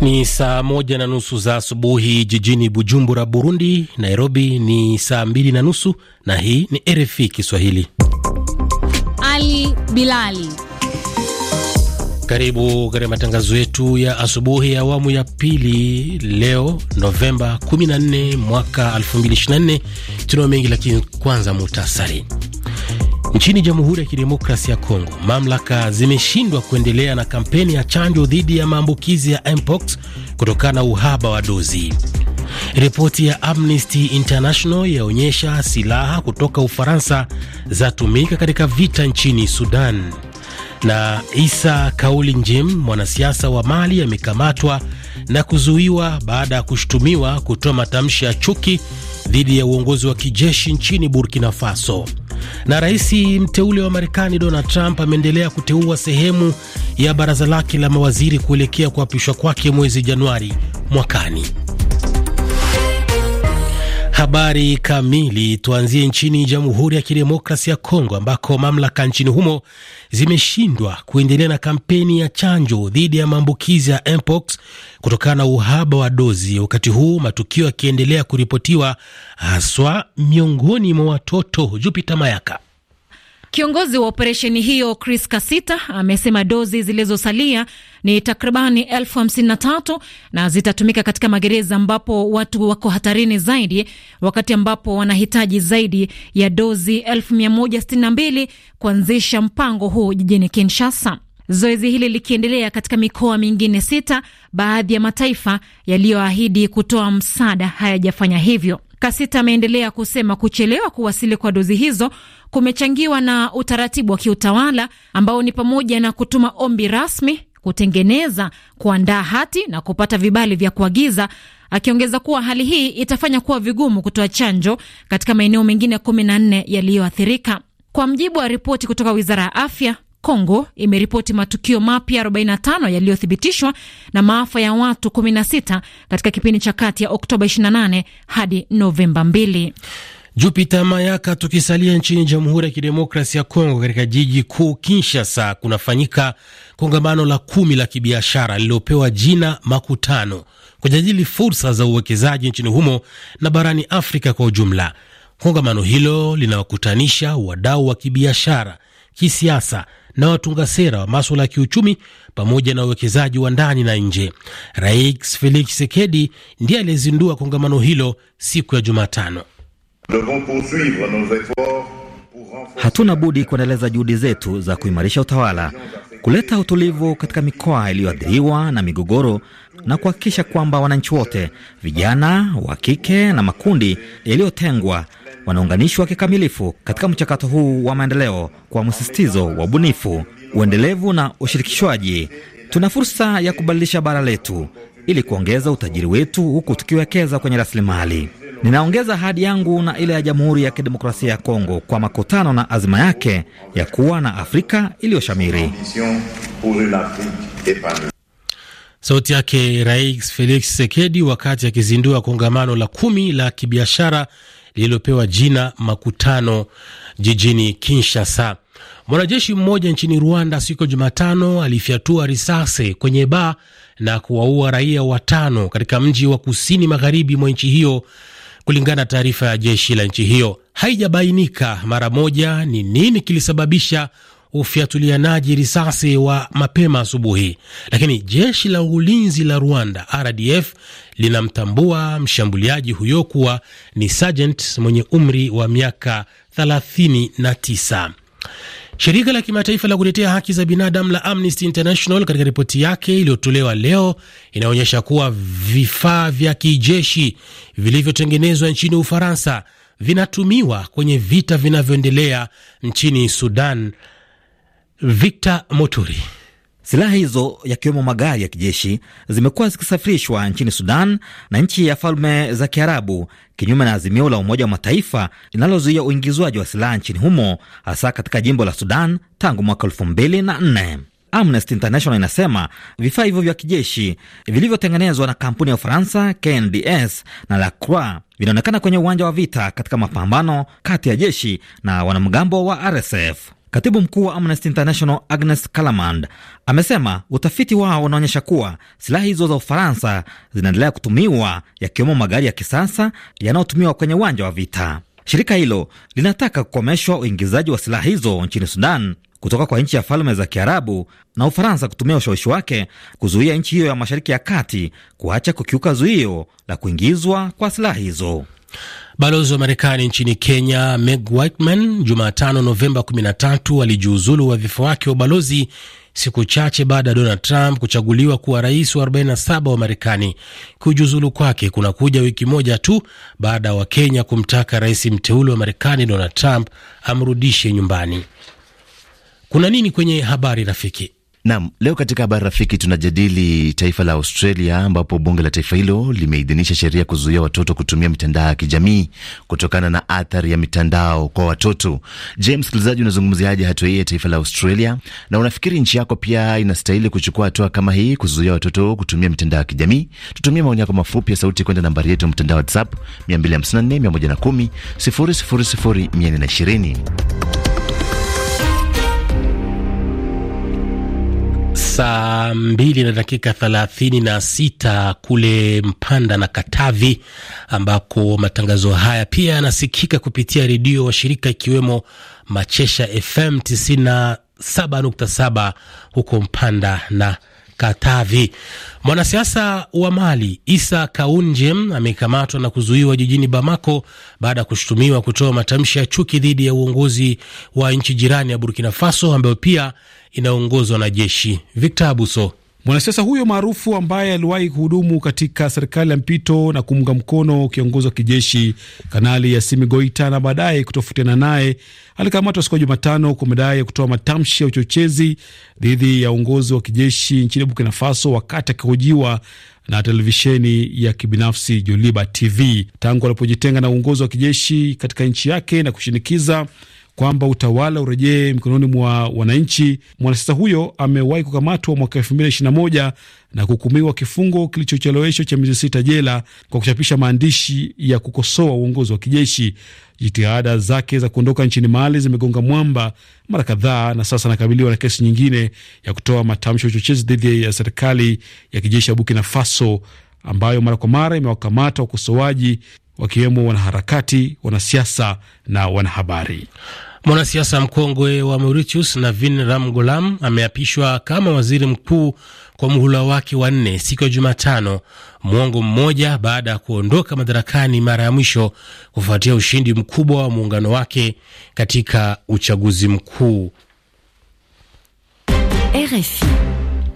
Ni saa moja na nusu za asubuhi jijini Bujumbura, Burundi. Nairobi ni saa mbili na nusu, na hii ni RFI Kiswahili. Ali Bilali, karibu katika matangazo yetu ya asubuhi ya awamu ya pili leo Novemba 14 mwaka 2024. Tunao mengi, lakini kwanza muhtasari Nchini Jamhuri ya Kidemokrasia ya Kongo, mamlaka zimeshindwa kuendelea na kampeni ya chanjo dhidi ya maambukizi ya mpox kutokana na uhaba wa dozi. Ripoti ya Amnesty International yaonyesha silaha kutoka Ufaransa zatumika katika vita nchini Sudan. Na Isa Kauli Njem, mwanasiasa wa Mali, amekamatwa na kuzuiwa baada ya kushutumiwa kutoa matamshi ya chuki dhidi ya uongozi wa kijeshi nchini Burkina Faso. Na rais mteule wa Marekani Donald Trump ameendelea kuteua sehemu ya baraza lake la mawaziri kuelekea kuapishwa kwake mwezi Januari mwakani. Habari kamili. Tuanzie nchini Jamhuri ya Kidemokrasi ya Kongo ambako mamlaka nchini humo zimeshindwa kuendelea na kampeni ya chanjo dhidi ya maambukizi ya mpox kutokana na uhaba wa dozi, wakati huu matukio yakiendelea kuripotiwa haswa miongoni mwa watoto. jupita Mayaka. Kiongozi wa operesheni hiyo Chris Kasita amesema dozi zilizosalia ni takribani elfu hamsini na tatu na zitatumika katika magereza ambapo watu wako hatarini zaidi, wakati ambapo wanahitaji zaidi ya dozi elfu mia moja sitini na mbili kuanzisha mpango huu jijini Kinshasa. Zoezi hili likiendelea katika mikoa mingine sita, baadhi ya mataifa yaliyoahidi kutoa msaada hayajafanya hivyo. Kasita ameendelea kusema kuchelewa kuwasili kwa dozi hizo kumechangiwa na utaratibu wa kiutawala ambao ni pamoja na kutuma ombi rasmi, kutengeneza, kuandaa hati na kupata vibali vya kuagiza, akiongeza kuwa hali hii itafanya kuwa vigumu kutoa chanjo katika maeneo mengine 14 yaliyoathirika. Kwa mjibu wa ripoti kutoka Wizara ya Afya, Kongo imeripoti matukio mapya 45 yaliyothibitishwa na maafa ya watu 16 katika kipindi cha kati ya Oktoba 28 hadi Novemba 2. Jupita Mayaka. Tukisalia nchini Jamhuri ya Kidemokrasi ya Kongo, katika jiji kuu Kinshasa kunafanyika kongamano la kumi la kibiashara lililopewa jina Makutano kujadili fursa za uwekezaji nchini humo na barani Afrika kwa ujumla. Kongamano hilo linawakutanisha wadau wa kibiashara, kisiasa na watunga sera wa maswala ya kiuchumi pamoja na uwekezaji wa ndani na nje. Rais Felix Tshisekedi ndiye aliyezindua kongamano hilo siku ya Jumatano. Hatuna budi kuendeleza juhudi zetu za kuimarisha utawala, kuleta utulivu katika mikoa iliyoathiriwa na migogoro na kuhakikisha kwamba wananchi wote, vijana wa kike na makundi yaliyotengwa, wanaunganishwa kikamilifu katika mchakato huu wa maendeleo kwa msisitizo wa ubunifu, uendelevu na ushirikishwaji. Tuna fursa ya kubadilisha bara letu ili kuongeza utajiri wetu huku tukiwekeza kwenye rasilimali. Ninaongeza ahadi yangu na ile ya Jamhuri ya Kidemokrasia ya Kongo kwa makutano na azima yake ya kuwa na Afrika iliyoshamiri. Sauti yake Rais Felix Tshisekedi wakati akizindua kongamano la kumi la kibiashara lililopewa jina Makutano jijini Kinshasa. Mwanajeshi mmoja nchini Rwanda siku ya Jumatano alifyatua risasi kwenye baa na kuwaua raia watano katika mji wa kusini magharibi mwa nchi hiyo, kulingana na taarifa ya jeshi la nchi hiyo. Haijabainika mara moja ni nini kilisababisha ufiatulianaji risasi wa mapema asubuhi, lakini jeshi la ulinzi la Rwanda RDF linamtambua mshambuliaji huyo kuwa ni sergeant mwenye umri wa miaka 39. Shirika la kimataifa la kutetea haki za binadamu la Amnesty International katika ripoti yake iliyotolewa leo inaonyesha kuwa vifaa vya kijeshi vilivyotengenezwa nchini Ufaransa vinatumiwa kwenye vita vinavyoendelea nchini Sudan Victor Moturi. Silaha hizo yakiwemo magari ya kijeshi zimekuwa zikisafirishwa nchini Sudan na nchi ya Falme za Kiarabu, kinyume na azimio la Umoja wa Mataifa linalozuia uingizwaji wa silaha nchini humo, hasa katika jimbo la Sudan tangu mwaka elfu mbili na nne. Amnesty International inasema vifaa hivyo vya kijeshi vilivyotengenezwa na kampuni ya Ufaransa KNDS na La Croix vinaonekana kwenye uwanja wa vita katika mapambano kati ya jeshi na wanamgambo wa RSF. Katibu mkuu wa Amnesty International Agnes Callamand amesema utafiti wao unaonyesha kuwa silaha hizo za Ufaransa zinaendelea kutumiwa, yakiwemo magari ya kisasa yanayotumiwa kwenye uwanja wa vita. Shirika hilo linataka kukomeshwa uingizaji wa silaha hizo nchini Sudan kutoka kwa nchi ya Falme za Kiarabu na Ufaransa kutumia ushawishi wake kuzuia nchi hiyo ya Mashariki ya Kati kuacha kukiuka zuio la kuingizwa kwa silaha hizo. Balozi wa Marekani nchini Kenya Meg Whitman Jumatano Novemba 13 alijiuzulu wadhifa wake wa ubalozi siku chache baada ya Donald Trump kuchaguliwa kuwa rais wa 47 wa Marekani. Kujiuzulu kwake kunakuja wiki moja tu baada ya Wakenya kumtaka rais mteule wa Marekani Donald Trump amrudishe nyumbani. Kuna nini kwenye habari rafiki? Nam, leo katika habari rafiki tunajadili taifa la Australia ambapo bunge la taifa hilo limeidhinisha sheria kuzuia watoto kutumia mitandao ya kijamii kutokana na athari ya mitandao kwa watoto. Je, msikilizaji, unazungumziaje hatua hii ya taifa la Australia na unafikiri nchi yako pia inastahili kuchukua hatua kama hii kuzuia watoto kutumia mitandao ya kijamii? Tutumie maoni yako mafupi ya sauti kwenda nambari yetu mtandao WhatsApp 254 110 000 420. saa mbili na dakika thelathini na sita kule Mpanda na Katavi, ambako matangazo haya pia yanasikika kupitia redio washirika ikiwemo Machesha FM 97.7 huko Mpanda na Katavi. Mwanasiasa wa Mali Isa Kaunjem amekamatwa na kuzuiwa jijini Bamako baada ya kushutumiwa kutoa matamshi ya chuki dhidi ya uongozi wa nchi jirani ya Burkina Faso ambayo pia inaongozwa na jeshi. Victor Abuso Mwanasiasa huyo maarufu ambaye aliwahi kuhudumu katika serikali ya mpito na kuunga mkono kiongozi wa kijeshi Kanali Yasimi Goita na baadaye kutofautiana naye alikamatwa siku ya Jumatano kwa madai ya kutoa matamshi ya uchochezi dhidi ya uongozi wa kijeshi nchini Burkina Faso wakati akihojiwa na televisheni ya kibinafsi Joliba TV. Tangu alipojitenga na uongozi wa kijeshi katika nchi yake na kushinikiza kwamba utawala urejee mikononi mwa wananchi. Mwanasiasa huyo amewahi kukamatwa mwaka elfu mbili ishirini na moja na kuhukumiwa kifungo kilichochelewesho cha miezi sita jela kwa kuchapisha maandishi ya kukosoa uongozi wa kijeshi. Jitihada zake za kuondoka nchini Mali zimegonga mwamba mara kadhaa, na sasa anakabiliwa na kesi nyingine ya kutoa matamshi ya uchochezi dhidi ya serikali ya kijeshi ya Bukina Faso ambayo mara kwa mara imewakamata wakosoaji wakiwemo wanaharakati, wanasiasa na wanahabari. Mwanasiasa mkongwe wa Mauritius Navin Ramgoolam ameapishwa kama waziri mkuu kwa muhula wake wa nne siku ya Jumatano, mwongo mmoja baada ya kuondoka madarakani mara ya mwisho kufuatia ushindi mkubwa wa muungano wake katika uchaguzi mkuu. RFI.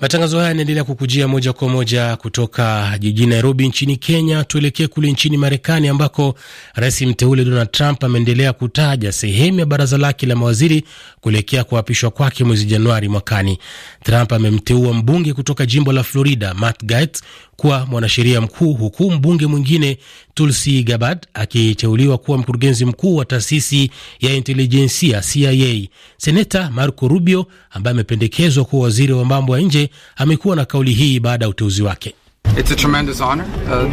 Matangazo haya yanaendelea kukujia moja kwa moja kutoka jijini Nairobi nchini Kenya. Tuelekee kule nchini Marekani ambako rais mteule Donald Trump ameendelea kutaja sehemu ya baraza lake la mawaziri kuelekea kuapishwa kwake mwezi Januari mwakani. Trump amemteua mbunge kutoka jimbo la Florida Matt Gaetz kuwa mwanasheria mkuu huku mbunge mwingine Tulsi Gabbard akiteuliwa kuwa mkurugenzi mkuu wa taasisi ya intelijensia CIA. Seneta Marco Rubio ambaye amependekezwa kuwa waziri wa mambo ya nje amekuwa na kauli hii baada ya uteuzi wake. Uh,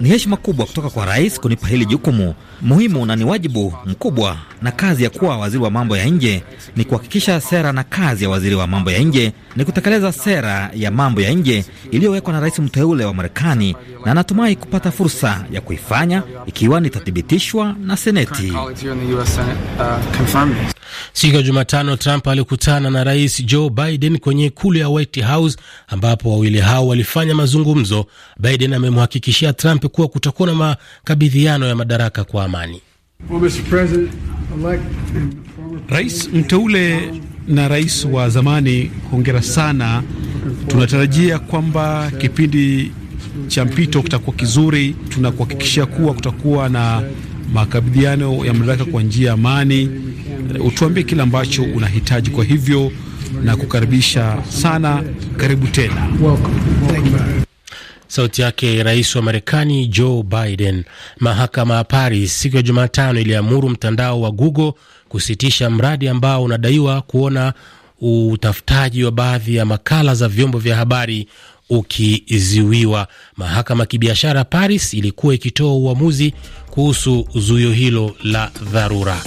ni heshima kubwa kutoka kwa rais kunipa hili jukumu muhimu, na ni wajibu mkubwa. Na kazi ya kuwa waziri wa mambo ya nje ni kuhakikisha sera, na kazi ya waziri wa mambo ya nje ni kutekeleza sera ya mambo ya nje iliyowekwa na rais mteule wa Marekani, na natumai kupata fursa ya kuifanya ikiwa nitathibitishwa na Seneti. Siku ya Jumatano, Trump alikutana na rais Joe Biden kwenye ikulu ya White House, ambapo wawili hao walifanya mazungumzo. Biden amemhakikishia Trump kuwa kutakuwa na makabidhiano ya madaraka kwa amani. Well, Rais mteule na rais wa zamani, hongera sana. Tunatarajia kwamba kipindi cha mpito kitakuwa kizuri. Tunakuhakikishia kuwa kutakuwa na makabidhiano ya madaraka kwa njia ya amani utuambie kile ambacho unahitaji. Kwa hivyo na kukaribisha sana, karibu tena. Sauti yake rais wa Marekani Joe Biden. Mahakama ya Paris siku ya Jumatano iliamuru mtandao wa Google kusitisha mradi ambao unadaiwa kuona utafutaji wa baadhi ya makala za vyombo vya habari ukiziwiwa. Mahakama ya kibiashara Paris ilikuwa ikitoa uamuzi kuhusu zuio hilo la dharura.